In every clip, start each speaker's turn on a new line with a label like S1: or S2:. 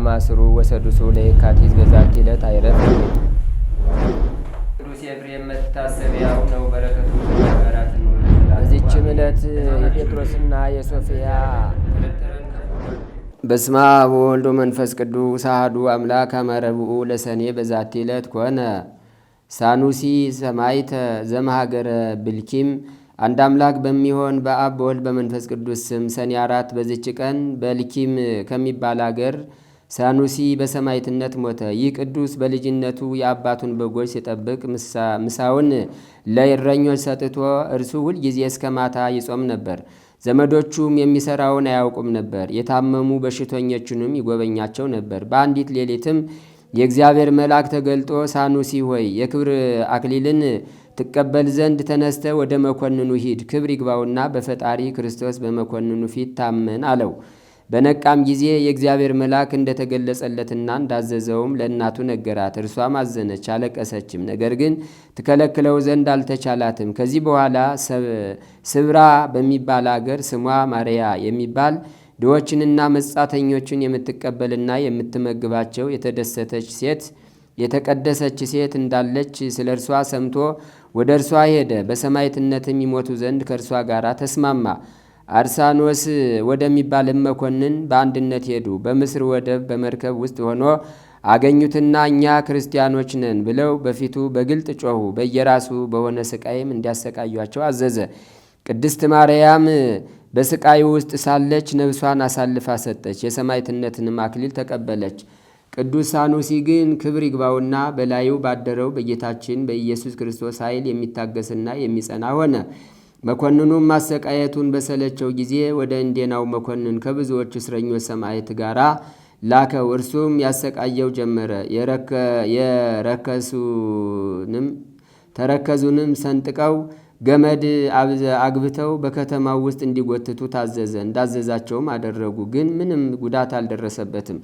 S1: ከማስሩ ወሰዱሱ ለየካቲት በዛቲ ዕለት አይረፍ
S2: ቅዱስ ኤፍሬም መታሰቢያው ነው። በረከቱ ተባራት
S1: ነው። በዚችም ዕለት የጴጥሮስና የሶፊያ በስመ አብ ወወልድ ወመንፈስ ቅዱስ አሐዱ አምላክ አመረብኡ ለሰኔ በዛቲ ዕለት ኮነ ሳኑሲ ሰማይተ ዘመሃገረ ብልኪም አንድ አምላክ በሚሆን በአብ በወልድ በመንፈስ ቅዱስ ስም ሰኔ አራት በዚች ቀን በልኪም ከሚባል አገር ሳኑሲ በሰማይትነት ሞተ። ይህ ቅዱስ በልጅነቱ የአባቱን በጎች ሲጠብቅ ምሳውን ለእረኞች ሰጥቶ እርሱ ሁልጊዜ እስከ ማታ ይጾም ነበር። ዘመዶቹም የሚሰራውን አያውቁም ነበር። የታመሙ በሽተኞችንም ይጎበኛቸው ነበር። በአንዲት ሌሊትም የእግዚአብሔር መልአክ ተገልጦ ሳኑሲ ሆይ የክብር አክሊልን ትቀበል ዘንድ ተነስተ ወደ መኮንኑ ሂድ፣ ክብር ይግባውና በፈጣሪ ክርስቶስ በመኮንኑ ፊት ታመን አለው። በነቃም ጊዜ የእግዚአብሔር መልአክ እንደተገለጸለትና እንዳዘዘውም ለእናቱ ነገራት። እርሷም አዘነች፣ አለቀሰችም። ነገር ግን ትከለክለው ዘንድ አልተቻላትም። ከዚህ በኋላ ስብራ በሚባል አገር ስሟ ማርያ የሚባል ድሆችንና መጻተኞችን የምትቀበልና የምትመግባቸው የተደሰተች ሴት የተቀደሰች ሴት እንዳለች ስለ እርሷ ሰምቶ ወደ እርሷ ሄደ። በሰማዕትነትም ይሞቱ ዘንድ ከእርሷ ጋር ተስማማ። አርሳኖስ ወደሚባል መኮንን በአንድነት ሄዱ። በምስር ወደብ በመርከብ ውስጥ ሆኖ አገኙትና እኛ ክርስቲያኖች ነን ብለው በፊቱ በግልጥ ጮኹ። በየራሱ በሆነ ስቃይም እንዲያሰቃያቸው አዘዘ። ቅድስት ማርያም በስቃዩ ውስጥ ሳለች ነብሷን አሳልፋ ሰጠች። የሰማዕትነትንም አክሊል ተቀበለች። ቅዱስ ሳኑሲ ግን ክብር ይግባውና በላዩ ባደረው በጌታችን በኢየሱስ ክርስቶስ ኃይል የሚታገስና የሚጸና ሆነ። መኮንኑም ማሰቃየቱን በሰለቸው ጊዜ ወደ እንዴናው መኮንን ከብዙዎች እስረኞች ሰማዕት ጋራ ላከው። እርሱም ያሰቃየው ጀመረ። የረከሱንም ተረከዙንም ሰንጥቀው ገመድ አግብተው በከተማው ውስጥ እንዲጎትቱ ታዘዘ። እንዳዘዛቸውም አደረጉ። ግን ምንም ጉዳት አልደረሰበትም።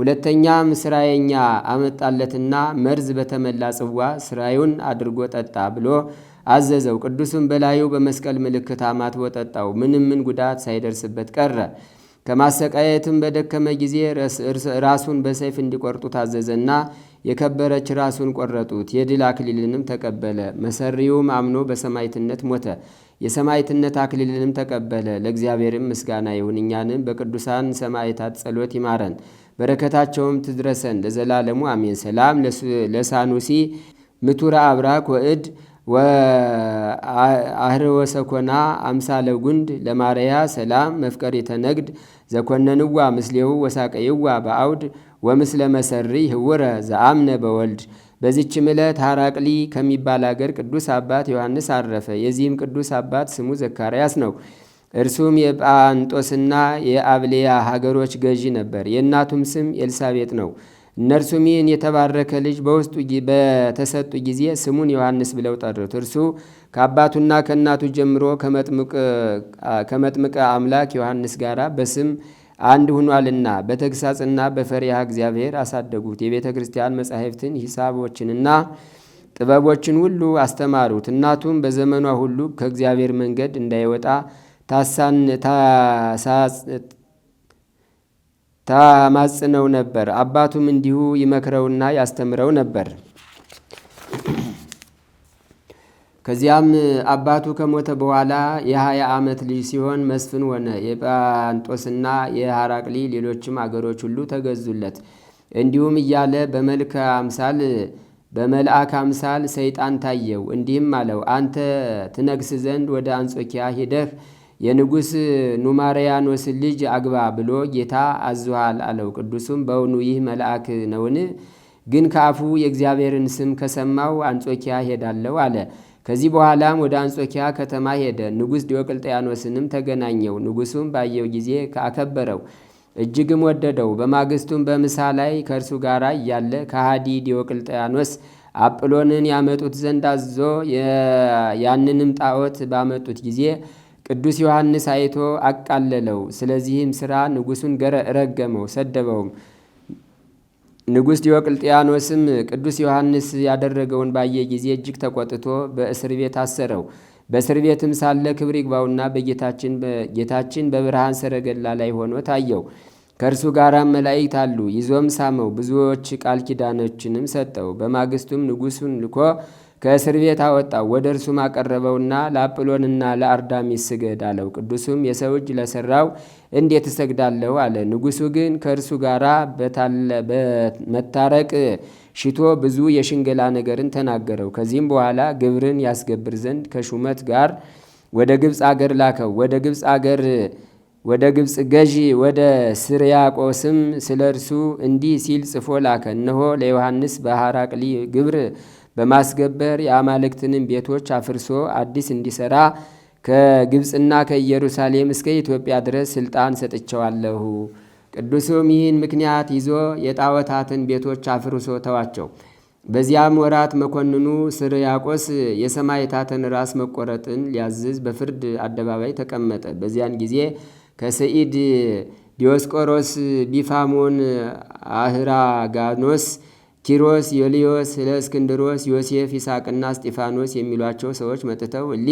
S1: ሁለተኛም ስራየኛ አመጣለትና መርዝ በተመላ ጽዋ ስራዩን አድርጎ ጠጣ ብሎ አዘዘው። ቅዱስም በላዩ በመስቀል ምልክት አማትቦ ጠጣው። ምንም ምን ጉዳት ሳይደርስበት ቀረ። ከማሰቃየትም በደከመ ጊዜ ራሱን በሰይፍ እንዲቆርጡ ታዘዘና የከበረች ራሱን ቆረጡት። የድል አክሊልንም ተቀበለ። መሰሪውም አምኖ በሰማይትነት ሞተ። የሰማይትነት አክሊልንም ተቀበለ። ለእግዚአብሔርም ምስጋና ይሁን፣ እኛንም በቅዱሳን ሰማይታት ጸሎት ይማረን፣ በረከታቸውም ትድረሰን ለዘላለሙ አሜን። ሰላም ለሳኑሲ ምቱራ አብራክ ወእድ አህር ወሰኮና አምሳለ ጉንድ ለማርያ ሰላም መፍቀር የተነግድ ዘኮነንዋ ምስሌው ወሳቀይዋ በአውድ ወምስለ መሰሪ ህውረ ዘአምነ በወልድ። በዚች ምለት ሐራቅሊ ከሚባል አገር ቅዱስ አባት ዮሐንስ አረፈ። የዚህም ቅዱስ አባት ስሙ ዘካርያስ ነው። እርሱም የጳንጦስና የአብሌያ ሀገሮች ገዢ ነበር። የእናቱም ስም ኤልሳቤጥ ነው። እነርሱም ይህን የተባረከ ልጅ በውስጡ በተሰጡ ጊዜ ስሙን ዮሐንስ ብለው ጠሩት። እርሱ ከአባቱና ከእናቱ ጀምሮ ከመጥምቀ አምላክ ዮሐንስ ጋር በስም አንድ ሁኗልና በተግሳጽና በፈሪሃ እግዚአብሔር አሳደጉት። የቤተ ክርስቲያን መጻሕፍትን ሂሳቦችንና ጥበቦችን ሁሉ አስተማሩት። እናቱም በዘመኗ ሁሉ ከእግዚአብሔር መንገድ እንዳይወጣ ታማጽነው ነበር። አባቱም እንዲሁ ይመክረውና ያስተምረው ነበር። ከዚያም አባቱ ከሞተ በኋላ የሀያ ዓመት ልጅ ሲሆን መስፍን ሆነ። የጳንጦስና የሐራቅሊ ሌሎችም አገሮች ሁሉ ተገዙለት። እንዲሁም እያለ በመልክ አምሳል በመልአክ አምሳል ሰይጣን ታየው፣ እንዲህም አለው፦ አንተ ትነግስ ዘንድ ወደ አንጾኪያ ሂደህ የንጉሥ ኑማሪያኖስ ልጅ አግባ ብሎ ጌታ አዝኋል አለው። ቅዱሱም በውኑ ይህ መልአክ ነውን? ግን ከአፉ የእግዚአብሔርን ስም ከሰማው አንጾኪያ ሄዳለው አለ። ከዚህ በኋላም ወደ አንጾኪያ ከተማ ሄደ። ንጉሥ ዲዮቅልጥያኖስንም ተገናኘው። ንጉሱም ባየው ጊዜ አከበረው፣ እጅግም ወደደው። በማግስቱም በምሳ ላይ ከእርሱ ጋር እያለ ከሃዲ ዲዮቅልጥያኖስ አጵሎንን ያመጡት ዘንድ አዞ ያንንም ጣዖት ባመጡት ጊዜ ቅዱስ ዮሐንስ አይቶ አቃለለው። ስለዚህም ንጉሱን ገረ ረገመው፣ ሰደበውም። ንጉሥ ዲዮቅልጥያኖስም ቅዱስ ዮሐንስ ያደረገውን ባየ ጊዜ እጅግ ተቆጥቶ በእስር ቤት አሰረው። በእስር ቤትም ሳለ ክብር ይግባውና በጌታችን በብርሃን ሰረገላ ላይ ሆኖ ታየው። ከእርሱ ጋራም መላእክት አሉ። ይዞም ሳመው፣ ብዙዎች ቃል ኪዳኖችንም ሰጠው። በማግስቱም ንጉሱን ልኮ ከእስር ቤት አወጣው። ወደ እርሱም አቀረበውና ለአጵሎንና ለአርዳሚስ ስገድ አለው። ቅዱሱም የሰው እጅ ለሠራው እንዴት እሰግዳለሁ አለ። ንጉሡ ግን ከእርሱ ጋር በመታረቅ ሽቶ ብዙ የሽንገላ ነገርን ተናገረው። ከዚህም በኋላ ግብርን ያስገብር ዘንድ ከሹመት ጋር ወደ ግብፅ አገር ላከው። ወደ ግብፅ አገር ወደ ግብፅ ገዢ ወደ ስርያቆስም ስለ እርሱ እንዲህ ሲል ጽፎ ላከ። እነሆ ለዮሐንስ በሐራቅሊ ግብር በማስገበር የአማልክትንም ቤቶች አፍርሶ አዲስ እንዲሰራ ከግብፅና ከኢየሩሳሌም እስከ ኢትዮጵያ ድረስ ስልጣን ሰጥቸዋለሁ። ቅዱሱም ይህን ምክንያት ይዞ የጣዖታትን ቤቶች አፍርሶ ተዋቸው። በዚያም ወራት መኮንኑ ስርያቆስ የሰማዕታትን ራስ መቆረጥን ሊያዝዝ በፍርድ አደባባይ ተቀመጠ። በዚያን ጊዜ ከሰኢድ ዲዮስቆሮስ፣ ቢፋሞን፣ አህራጋኖስ ኪሮስ፣ ዮልዮስ፣ እስክንድሮስ፣ ዮሴፍ፣ ይስሐቅና እስጢፋኖስ የሚሏቸው ሰዎች መጥተው እሊ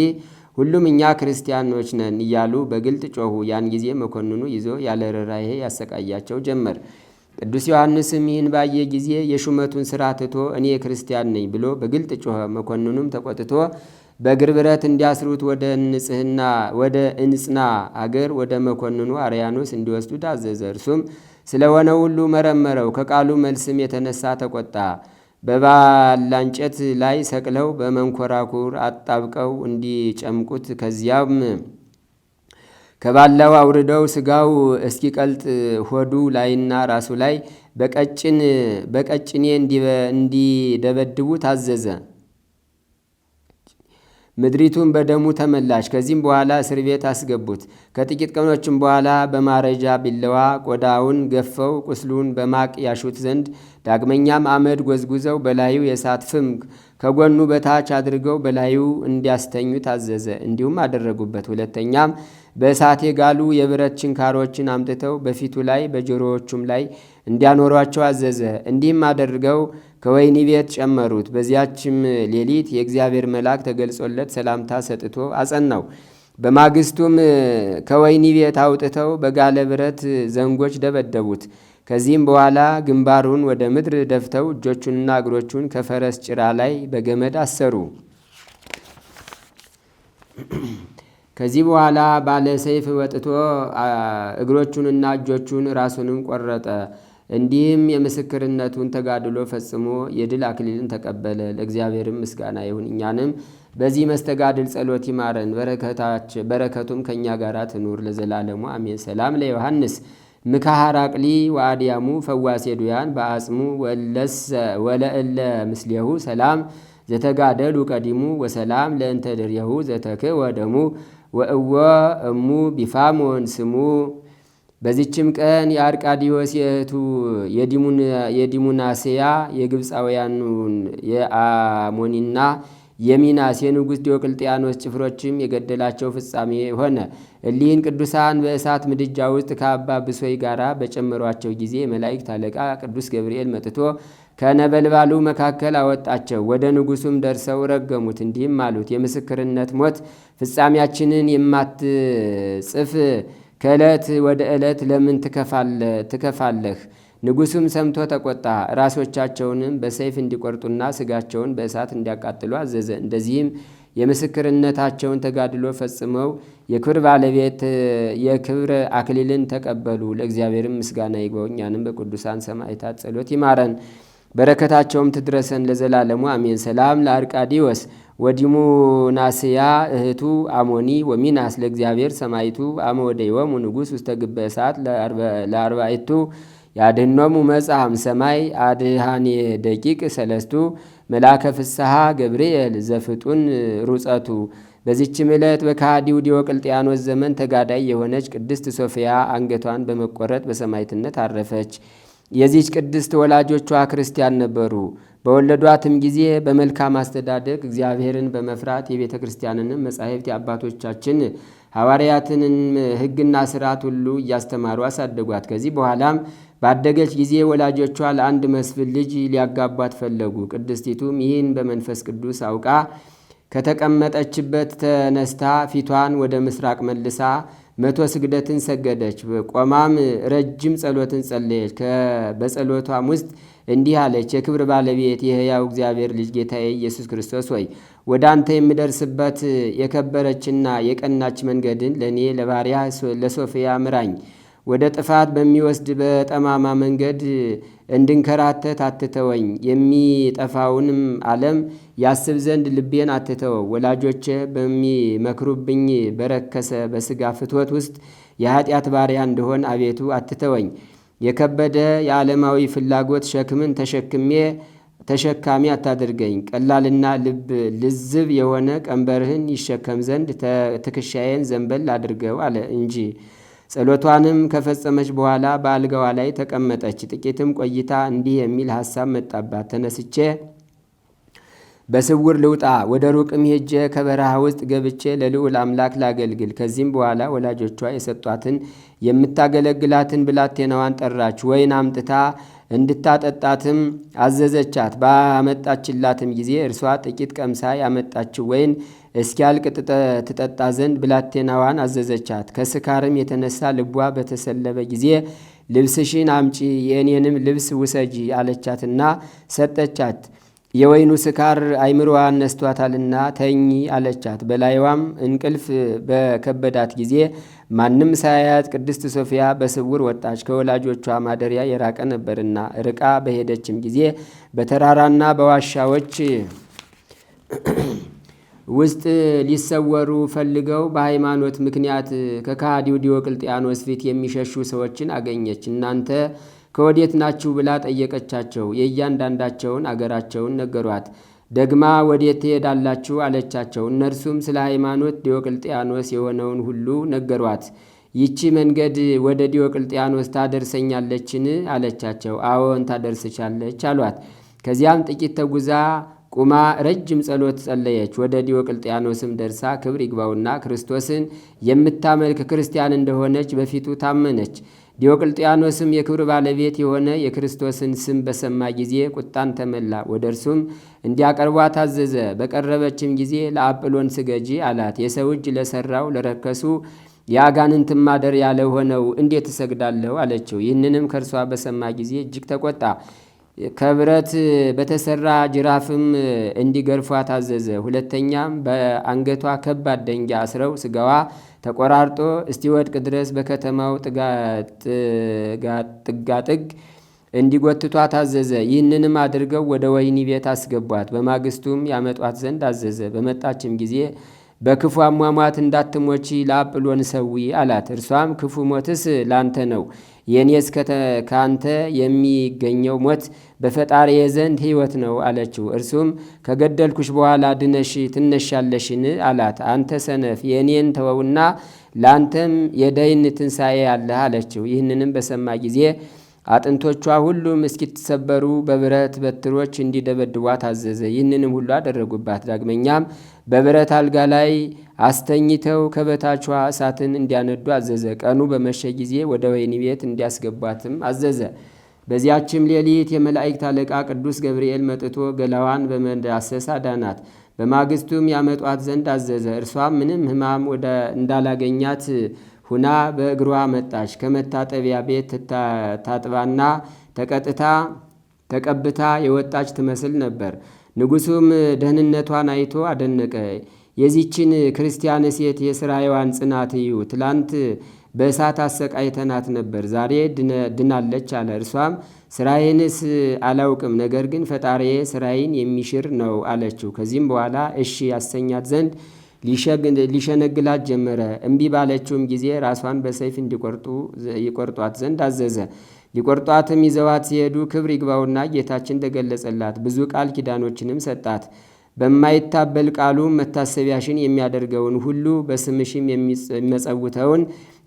S1: ሁሉም እኛ ክርስቲያኖች ነን እያሉ በግልጥ ጮኹ። ያን ጊዜ መኮንኑ ይዞ ያለ ርኅራኄ ያሰቃያቸው ጀመር። ቅዱስ ዮሐንስም ይህን ባየ ጊዜ የሹመቱን ስራ ትቶ እኔ ክርስቲያን ነኝ ብሎ በግልጥ ጮኸ። መኮንኑም ተቆጥቶ በእግር ብረት እንዲያስሩት ወደ እንጽህና ወደ እንጽና አገር ወደ መኮንኑ አርያኖስ እንዲወስዱት አዘዘ። እርሱም ስለሆነ ሁሉ መረመረው። ከቃሉ መልስም የተነሳ ተቆጣ። በባላንጨት ላይ ሰቅለው በመንኮራኩር አጣብቀው እንዲጨምቁት ከዚያም ከባላው አውርደው ስጋው እስኪቀልጥ ሆዱ ላይና ራሱ ላይ በቀጭኔ እንዲደበድቡ ታዘዘ። ምድሪቱን በደሙ ተመላች። ከዚህም በኋላ እስር ቤት አስገቡት። ከጥቂት ቀኖችም በኋላ በማረጃ ቢለዋ ቆዳውን ገፈው ቁስሉን በማቅ ያሹት ዘንድ ዳግመኛም አመድ ጎዝጉዘው በላዩ የእሳት ፍም ከጎኑ በታች አድርገው በላዩ እንዲያስተኙ ታዘዘ። እንዲሁም አደረጉበት። ሁለተኛም በእሳት የጋሉ የብረት ችንካሮችን አምጥተው በፊቱ ላይ በጆሮዎቹም ላይ እንዲያኖሯቸው አዘዘ። እንዲህም አደርገው ከወይኒ ቤት ጨመሩት። በዚያችም ሌሊት የእግዚአብሔር መልአክ ተገልጾለት ሰላምታ ሰጥቶ አጸናው። በማግስቱም ከወይኒ ቤት አውጥተው በጋለ ብረት ዘንጎች ደበደቡት። ከዚህም በኋላ ግንባሩን ወደ ምድር ደፍተው እጆቹንና እግሮቹን ከፈረስ ጭራ ላይ በገመድ አሰሩ። ከዚህ በኋላ ባለ ሰይፍ ወጥቶ እግሮቹንና እጆቹን ራሱንም ቆረጠ። እንዲህም የምስክርነቱን ተጋድሎ ፈጽሞ የድል አክሊልን ተቀበለ። ለእግዚአብሔርም ምስጋና ይሁን፣ እኛንም በዚህ መስተጋድል ጸሎት ይማረን፣ በረከቱም ከእኛ ጋር ትኑር ለዘላለሙ አሜን። ሰላም ለዮሐንስ ምካሃራቅሊ ወአድያሙ ፈዋሴ ዱያን በአጽሙ ወለእለ ምስሌሁ ሰላም ዘተጋደሉ ቀዲሙ ወሰላም ለእንተ ዘተክ ወደሙ ወእወ እሙ ቢፋሞን ስሙ በዚችም ቀን የአርቃዲዎስ የእህቱ የዲሙናሴያ የግብፃውያኑን የአሞኒና የሚናስ የንጉሥ ዲዮቅልጥያኖስ ጭፍሮችም የገደላቸው ፍጻሜ ሆነ። እሊህን ቅዱሳን በእሳት ምድጃ ውስጥ ከአባ ብሶይ ጋራ በጨመሯቸው ጊዜ መላእክት አለቃ ቅዱስ ገብርኤል መጥቶ ከነበልባሉ መካከል አወጣቸው። ወደ ንጉሱም ደርሰው ረገሙት፣ እንዲህም አሉት፦ የምስክርነት ሞት ፍጻሜያችንን የማትጽፍ ከእለት ወደ ዕለት ለምን ትከፋለህ? ንጉሱም ሰምቶ ተቆጣ። ራሶቻቸውንም በሰይፍ እንዲቆርጡና ስጋቸውን በእሳት እንዲያቃጥሉ አዘዘ። እንደዚህም የምስክርነታቸውን ተጋድሎ ፈጽመው የክብር ባለቤት የክብር አክሊልን ተቀበሉ። ለእግዚአብሔርም ምስጋና ይግባው። እኛንም በቅዱሳን ሰማዕታት ጸሎት ይማረን፣ በረከታቸውም ትድረሰን ለዘላለሙ አሜን። ሰላም ለአርቃዲዎስ ናስያ እህቱ አሞኒ ወሚናስ ለእግዚአብሔር ሰማይቱ አመወደይወሙ ንጉሥ ውስተ ግበ እሳት ለአርባይቱ ያድህኖሙ መጽሐም ሰማይ አድሃኔ ደቂቅ ሰለስቱ መልአከ ፍስሐ ገብርኤል ዘፍጡን ሩጸቱ። በዚችም ዕለት በካሃዲው ዲዮቅልጥያኖስ ዘመን ተጋዳይ የሆነች ቅድስት ሶፊያ አንገቷን በመቆረጥ በሰማይትነት አረፈች። የዚች ቅድስት ወላጆቿ ክርስቲያን ነበሩ። በወለዷትም ጊዜ በመልካም አስተዳደግ እግዚአብሔርን በመፍራት የቤተ ክርስቲያንንም መጻሕፍት የአባቶቻችን ሐዋርያትንም ሕግና ስርዓት ሁሉ እያስተማሩ አሳደጓት። ከዚህ በኋላም ባደገች ጊዜ ወላጆቿ ለአንድ መስፍን ልጅ ሊያጋቧት ፈለጉ። ቅድስቲቱም ይህን በመንፈስ ቅዱስ አውቃ ከተቀመጠችበት ተነስታ ፊቷን ወደ ምስራቅ መልሳ መቶ ስግደትን ሰገደች። ቆማም ረጅም ጸሎትን ጸለየች። በጸሎቷም ውስጥ እንዲህ አለች። የክብር ባለቤት የሕያው እግዚአብሔር ልጅ ጌታዬ ኢየሱስ ክርስቶስ ሆይ ወደ አንተ የምደርስበት የከበረችና የቀናች መንገድን ለእኔ ለባሪያ ለሶፊያ ምራኝ። ወደ ጥፋት በሚወስድ በጠማማ መንገድ እንድንከራተት አትተወኝ። የሚጠፋውንም ዓለም ያስብ ዘንድ ልቤን አትተው። ወላጆቼ በሚመክሩብኝ በረከሰ በስጋ ፍትወት ውስጥ የኃጢአት ባሪያ እንደሆን አቤቱ አትተወኝ። የከበደ የዓለማዊ ፍላጎት ሸክምን ተሸክሜ ተሸካሚ አታድርገኝ። ቀላልና ልብ ልዝብ የሆነ ቀንበርህን ይሸከም ዘንድ ትከሻዬን ዘንበል አድርገው አለ እንጂ። ጸሎቷንም ከፈጸመች በኋላ በአልጋዋ ላይ ተቀመጠች። ጥቂትም ቆይታ እንዲህ የሚል ሐሳብ መጣባት። ተነስቼ በስውር ልውጣ፣ ወደ ሩቅም ሄጀ ከበረሃ ውስጥ ገብቼ ለልዑል አምላክ ላገልግል። ከዚህም በኋላ ወላጆቿ የሰጧትን የምታገለግላትን ብላቴናዋን ጠራች። ወይን አምጥታ እንድታጠጣትም አዘዘቻት። ባመጣችላትም ጊዜ እርሷ ጥቂት ቀምሳ ያመጣችው ወይን እስኪያልቅ ትጠጣ ዘንድ ብላቴናዋን አዘዘቻት። ከስካርም የተነሳ ልቧ በተሰለበ ጊዜ ልብስሽን አምጪ፣ የእኔንም ልብስ ውሰጂ አለቻትና ሰጠቻት። የወይኑ ስካር አይምሮዋን ነስቷታልና ተኝ አለቻት። በላይዋም እንቅልፍ በከበዳት ጊዜ ማንም ሳያያት ቅድስት ሶፊያ በስውር ወጣች። ከወላጆቿ ማደሪያ የራቀ ነበርና ርቃ በሄደችም ጊዜ በተራራና በዋሻዎች ውስጥ ሊሰወሩ ፈልገው በሃይማኖት ምክንያት ከከሃዲው ዲዮቅልጥያኖስ ፊት የሚሸሹ ሰዎችን አገኘች። እናንተ ከወዴት ናችሁ ብላ ጠየቀቻቸው። የእያንዳንዳቸውን አገራቸውን ነገሯት። ደግማ ወዴት ትሄዳላችሁ አለቻቸው። እነርሱም ስለ ሃይማኖት ዲዮቅልጥያኖስ የሆነውን ሁሉ ነገሯት። ይቺ መንገድ ወደ ዲዮቅልጥያኖስ ታደርሰኛለችን አለቻቸው። አዎን ታደርስቻለች አሏት። ከዚያም ጥቂት ተጉዛ ቁማ ረጅም ጸሎት ጸለየች። ወደ ዲዮቅልጥያኖስም ደርሳ ክብር ይግባውና ክርስቶስን የምታመልክ ክርስቲያን እንደሆነች በፊቱ ታመነች። ዲዮቅልጥያኖስም የክብር ባለቤት የሆነ የክርስቶስን ስም በሰማ ጊዜ ቁጣን ተመላ። ወደ እርሱም እንዲያቀርቧ ታዘዘ። በቀረበችም ጊዜ ለአጵሎን ስገጂ አላት። የሰው እጅ ለሰራው ለረከሱ የአጋንንት ያለ ሆነው እንዴት እሰግዳለሁ አለችው። ይህንንም ከእርሷ በሰማ ጊዜ እጅግ ተቆጣ። ከብረት በተሰራ ጅራፍም እንዲገርፏ ታዘዘ። ሁለተኛም በአንገቷ ከባድ ደንጊያ አስረው ስጋዋ ተቆራርጦ እስቲወድቅ ድረስ በከተማው ጥጋጥግ እንዲጎትቷ ታዘዘ። ይህንንም አድርገው ወደ ወህኒ ቤት አስገቧት። በማግስቱም ያመጧት ዘንድ አዘዘ። በመጣችም ጊዜ በክፉ አሟሟት እንዳትሞቺ ለአጵሎን ሰዊ አላት። እርሷም ክፉ ሞትስ ላንተ ነው፣ የእኔስ ከአንተ የሚገኘው ሞት በፈጣሪ ዘንድ ሕይወት ነው አለችው። እርሱም ከገደልኩሽ በኋላ ድነሽ ትነሻለሽን አላት። አንተ ሰነፍ የእኔን ተወውና ለአንተም የደይን ትንሣኤ አለህ አለችው። ይህንንም በሰማ ጊዜ አጥንቶቿ ሁሉም እስኪትሰበሩ በብረት በትሮች እንዲደበድቧት አዘዘ። ይህንንም ሁሉ አደረጉባት። ዳግመኛም በብረት አልጋ ላይ አስተኝተው ከበታቿ እሳትን እንዲያነዱ አዘዘ። ቀኑ በመሸ ጊዜ ወደ ወህኒ ቤት እንዲያስገቧትም አዘዘ። በዚያችም ሌሊት የመላእክት አለቃ ቅዱስ ገብርኤል መጥቶ ገላዋን በመዳሰስ አዳናት። በማግስቱም ያመጧት ዘንድ አዘዘ። እርሷ ምንም ሕማም እንዳላገኛት ሁና በእግሯ መጣች። ከመታጠቢያ ቤት ታጥባና ተቀጥታ ተቀብታ የወጣች ትመስል ነበር። ንጉሱም ደህንነቷን አይቶ አደነቀ። የዚችን ክርስቲያን ሴት የሥራዋን ጽናት እዩ። ትላንት በእሳት አሰቃይተናት ነበር፣ ዛሬ ድናለች አለ። እርሷም ስራዬንስ አላውቅም፣ ነገር ግን ፈጣሪዬ ስራዬን የሚሽር ነው አለችው። ከዚህም በኋላ እሺ ያሰኛት ዘንድ ሊሸነግላት ጀመረ። እምቢ ባለችውም ጊዜ ራሷን በሰይፍ እንዲቆርጡ ይቆርጧት ዘንድ አዘዘ። ሊቆርጧትም ይዘዋት ሲሄዱ ክብር ይግባውና ጌታችን ተገለጸላት። ብዙ ቃል ኪዳኖችንም ሰጣት። በማይታበል ቃሉ መታሰቢያሽን የሚያደርገውን ሁሉ በስምሽም የሚመጸውተውን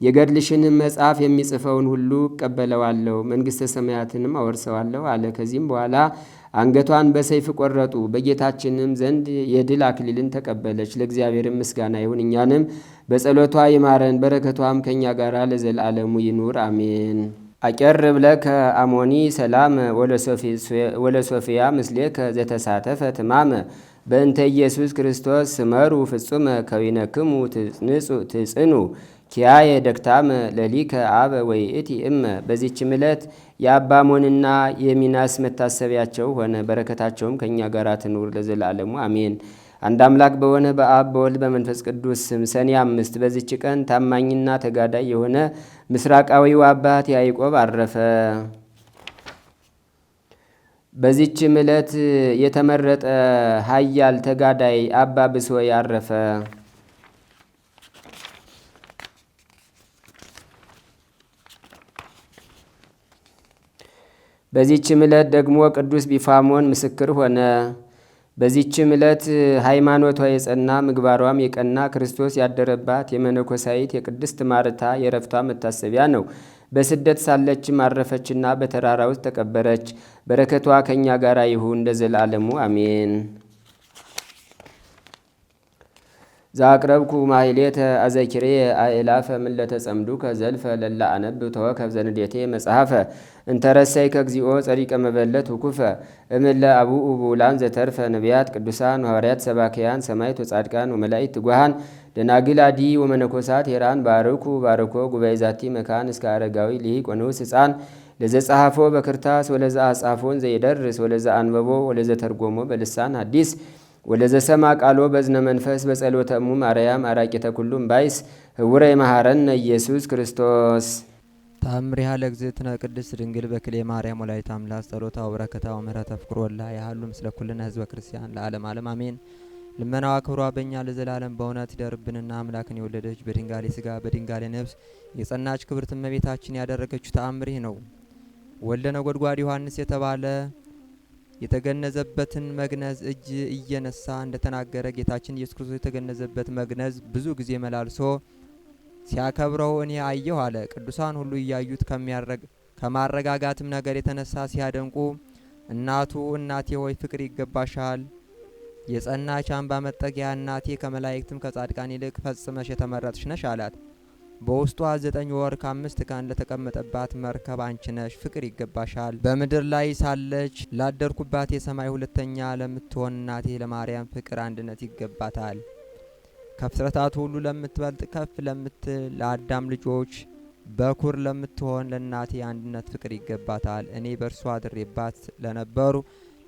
S1: የገድልሽንም መጽሐፍ የሚጽፈውን ሁሉ እቀበለዋለሁ፣ መንግሥተ ሰማያትንም አወርሰዋለሁ አለ። ከዚህም በኋላ አንገቷን በሰይፍ ቆረጡ። በጌታችንም ዘንድ የድል አክሊልን ተቀበለች። ለእግዚአብሔርም ምስጋና ይሁን፣ እኛንም በጸሎቷ ይማረን፣ በረከቷም ከእኛ ጋር ለዘላለሙ ይኑር አሜን። አቄርብ ለከ አሞኒ ሰላም ወለሶፊያ ምስሌከ ዘተሳተፈ ትማመ በእንተ ኢየሱስ ክርስቶስ ስመሩ ፍጹመ ከዊነክሙ ትጽኑ ኪያየ ደክታመ ለሊከ አበ እቲ እመ በዚች ምለት የአባሞንና የሚናስ መታሰቢያቸው ሆነ። በረከታቸውም ከእኛ ጋር ትኑር ለዘላለሙ አሜን። አንድ አምላክ በሆነ በአብ በወልድ በመንፈስ ቅዱስ ስም ሰኔ አምስት በዚች ቀን ታማኝና ተጋዳይ የሆነ ምስራቃዊው አባት ያዕቆብ አረፈ። በዚችም ዕለት የተመረጠ ኃያል ተጋዳይ አባ ብሶ ያረፈ። በዚች ዕለት ደግሞ ቅዱስ ቢፋሞን ምስክር ሆነ። በዚች ዕለት ሃይማኖቷ የጸና ምግባሯም የቀና ክርስቶስ ያደረባት የመነኮሳይት የቅድስት ማርታ የረፍቷ መታሰቢያ ነው። በስደት ሳለችም አረፈችና በተራራ ውስጥ ተቀበረች። በረከቷ ከእኛ ጋር ይሁን እንደ ዘላለሙ አሜን። ዛቅረብኩ ማይሌተ አዘኪሬ አኤላፈ ምን ጸምዱ ከዘልፈ ለላ አነብ ተወከብ ዘንዴቴ መጽሐፈ እንተረሰይ ከግዚኦ ጸሪቀ መበለት ውኩፈ እምለ አቡኡ ብኡላን ዘተርፈ ነቢያት ቅዱሳን ሐዋርያት ሰባክያን ሰማይት ወጻድቃን ወመላእክት ትጓሃን ደናግል አዲ ወመነኮሳት ሄራን ባርኩ ባርኮ ጉባኤ ዛቲ መካን እስከ አረጋዊ ሊቅ ወንዑስ ሕፃን ለዘጸሐፎ በክርታስ ወለዘ አጻፎን ዘይደርስ ወለዘ አንበቦ ወለዘ ተርጎሞ በልሳን ሐዲስ ዘሰማ ቃሎ በዝነ መንፈስ በጸሎተሙ ማርያም አራቂ ተኩሉም ባይስ ህውረ መሐረነ ኢየሱስ ክርስቶስ ታምሪሃ ለእግዝእትነ ቅድስት ድንግል በክሌ ማርያም ወላዲተ አምላክ ጸሎታ ወበረከታ ምሕረተ ላ ያህሉ ምስለ ኩልነ ህዝበ ክርስቲያን ለዓለም ዓለም አሜን። ልመናዋ ክብሯ በእኛ ለዘላለም በእውነት ይደርብንና አምላክን የወለደች በድንጋሌ ስጋ በድንጋሌ ነብስ የጸናች ክብርት እመቤታችን ያደረገችው ተአምሪህ ነው። ወልደ ነጎድጓድ ዮሐንስ የተባለ የተገነዘበትን መግነዝ እጅ እየነሳ እንደተናገረ ጌታችን ኢየሱስ ክርስቶስ የተገነዘበት መግነዝ ብዙ ጊዜ መላልሶ ሲያከብረው እኔ አየሁ አለ። ቅዱሳን ሁሉ እያዩት ከማረጋጋትም ነገር የተነሳ ሲያደንቁ እናቱ እናቴ ሆይ ፍቅር ይገባሻል፣ የጸናች አምባ መጠጊያ እናቴ፣ ከመላእክትም ከጻድቃን ይልቅ ፈጽመሽ የተመረጥሽ ነሽ አላት። በውስጧ ዘጠኝ ወር ከአምስት ቀን ለተቀመጠባት መርከብ አንቺ ነሽ ፍቅር ይገባሻል። በምድር ላይ ሳለች ላደርኩባት የሰማይ ሁለተኛ ለምትሆን እናቴ ለማርያም ፍቅር አንድነት ይገባታል። ከፍጥረታት ሁሉ ለምትበልጥ ከፍ ለምትል ለአዳም ልጆች በኩር ለምትሆን ለእናቴ አንድነት ፍቅር ይገባታል። እኔ በእርሷ አድሬባት ለነበሩ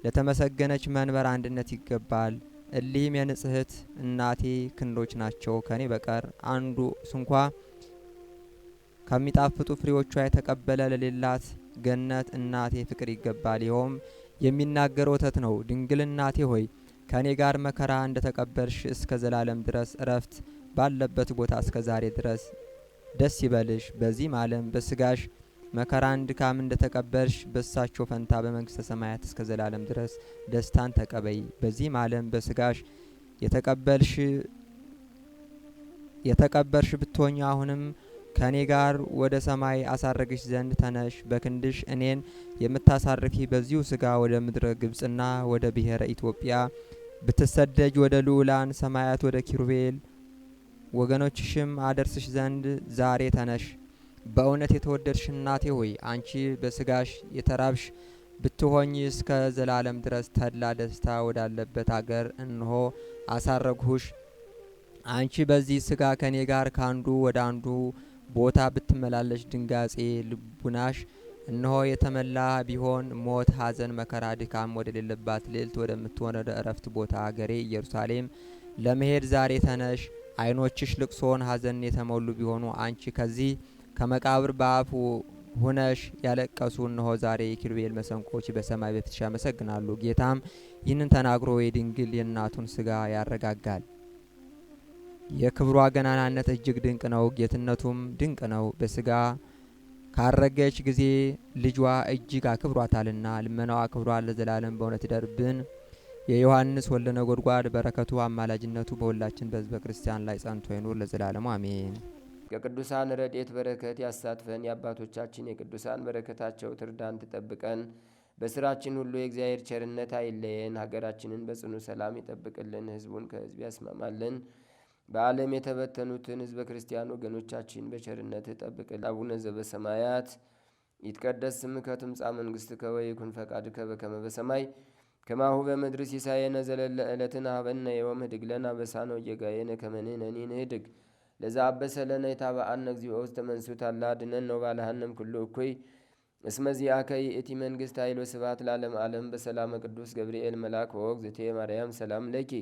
S1: ለተመሰገነች መንበር አንድነት ይገባል። እሊህም የንጽህት እናቴ ክንዶች ናቸው። ከእኔ በቀር አንዱ ስንኳ ከሚጣፍጡ ፍሬዎቿ የተቀበለ ለሌላት ገነት እናቴ ፍቅር ይገባል። ይኸውም የሚናገር ወተት ነው። ድንግል እናቴ ሆይ ከእኔ ጋር መከራ እንደ ተቀበልሽ እስከ ዘላለም ድረስ እረፍት ባለበት ቦታ እስከ ዛሬ ድረስ ደስ ይበልሽ። በዚህም ዓለም በስጋሽ መከራን ድካም እንደ ተቀበልሽ በሳቸው ፈንታ በመንግስተ ሰማያት እስከ ዘላለም ድረስ ደስታን ተቀበይ። በዚህም ዓለም በስጋሽ የተቀበልሽ የተቀበርሽ ብትሆኝ አሁንም ከእኔ ጋር ወደ ሰማይ አሳረግሽ ዘንድ ተነሽ፣ በክንድሽ እኔን የምታሳርፊ በዚሁ ስጋ ወደ ምድረ ግብጽና ወደ ብሔረ ኢትዮጵያ ብትሰደጅ ወደ ልዑላን ሰማያት ወደ ኪሩቤል ወገኖችሽም አደርስሽ ዘንድ ዛሬ ተነሽ። በእውነት የተወደድሽ እናቴ ሆይ አንቺ በስጋሽ የተራብሽ ብትሆኝ እስከ ዘላለም ድረስ ተድላ ደስታ ወዳለበት አገር እንሆ አሳረግሁሽ። አንቺ በዚህ ስጋ ከእኔ ጋር ከአንዱ ወደ አንዱ ቦታ ብትመላለሽ ድንጋጼ ልቡናሽ እነሆ የተመላ ቢሆን ሞት፣ ሐዘን፣ መከራ፣ ድካም ወደሌለባት ልዕልት ወደምትሆን እረፍት ቦታ አገሬ ኢየሩሳሌም ለመሄድ ዛሬ ተነሽ። ዓይኖችሽ ልቅሶን፣ ሀዘን የተሞሉ ቢሆኑ አንቺ ከዚህ ከመቃብር በአፉ ሁነሽ ያለቀሱ እነሆ ዛሬ የኪሩቤል መሰንቆች በሰማይ በፊትሽ ያመሰግናሉ። ጌታም ይህንን ተናግሮ የድንግል የእናቱን ስጋ ያረጋጋል። የክብሯ ገናናነት እጅግ ድንቅ ነው፣ ጌትነቱም ድንቅ ነው። በስጋ ካረገች ጊዜ ልጇ እጅግ አክብሯታልና ልመናዋ ክብሯ ለዘላለም በእውነት ይደርብን። የዮሐንስ ወልደ ነጎድጓድ በረከቱ አማላጅነቱ በሁላችን በሕዝበ ክርስቲያን ላይ ጸንቶ ይኑር ለዘላለሙ አሜን። የቅዱሳን ረድኤት በረከት ያሳትፈን። የአባቶቻችን የቅዱሳን በረከታቸው ትርዳን፣ ትጠብቀን። በስራችን ሁሉ የእግዚአብሔር ቸርነት አይለየን። ሀገራችንን በጽኑ ሰላም ይጠብቅልን፣ ሕዝቡን ከሕዝብ ያስማማልን። በዓለም የተበተኑትን ህዝበ ክርስቲያን ወገኖቻችን በቸርነት ጠብቅል። አቡነ ዘበሰማያት ይትቀደስ ስምከ ትምጻእ መንግሥትከ ወይኩን ፈቃድከ በከመ በሰማይ ከማሁ በምድር ሲሳየነ ዘለለ ዕለትነ ሀበነ ዮም ህድግ ለነ አበሳነ ወጌጋየነ ከመ ንሕነኒ ንህድግ ለዘአበሰለነ የታበአነ እግዚኦ ውስተ መንሱታላ ነው ባልሃንም ኩሉ እኩይ እስመ ዚአከ ይእቲ መንግሥት ኃይል ወስብሐት ለዓለመ ዓለም በሰላመ ቅዱስ ገብርኤል መልአክ ወወግ ማርያም ሰላም ለኪ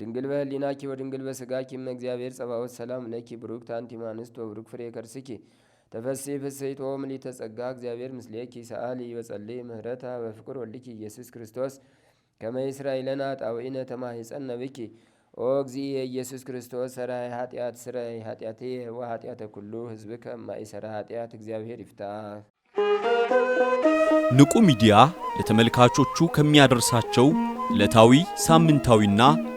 S1: ድንግል በህሊናኪ ወድንግል በስጋኪ እግዚአብሔር ጸባዖት ሰላም ለኪ ብሩክ አንቲ እምአንስት ወብሩክ ፍሬ ከርስኪ ተፈሲ ፍስሕቶ ምልዕተ ተጸጋ እግዚአብሔር ምስሌኪ ሰአሊ በጸልይ ምህረታ በፍቅር ወልኪ ኢየሱስ ክርስቶስ ከመይ ይስራይ ለነ ኃጣውኢነ ኦ እግዚ ኢየሱስ ክርስቶስ ሰራይ ኃጢአት ስራይ ኃጢአትየ ወኃጢአተ ኩሉ ከማይ ሰራ ኃጢአት እግዚአብሔር ይፍታ።
S2: ንቁ ሚዲያ ለተመልካቾቹ ከሚያደርሳቸው ዕለታዊ ሳምንታዊና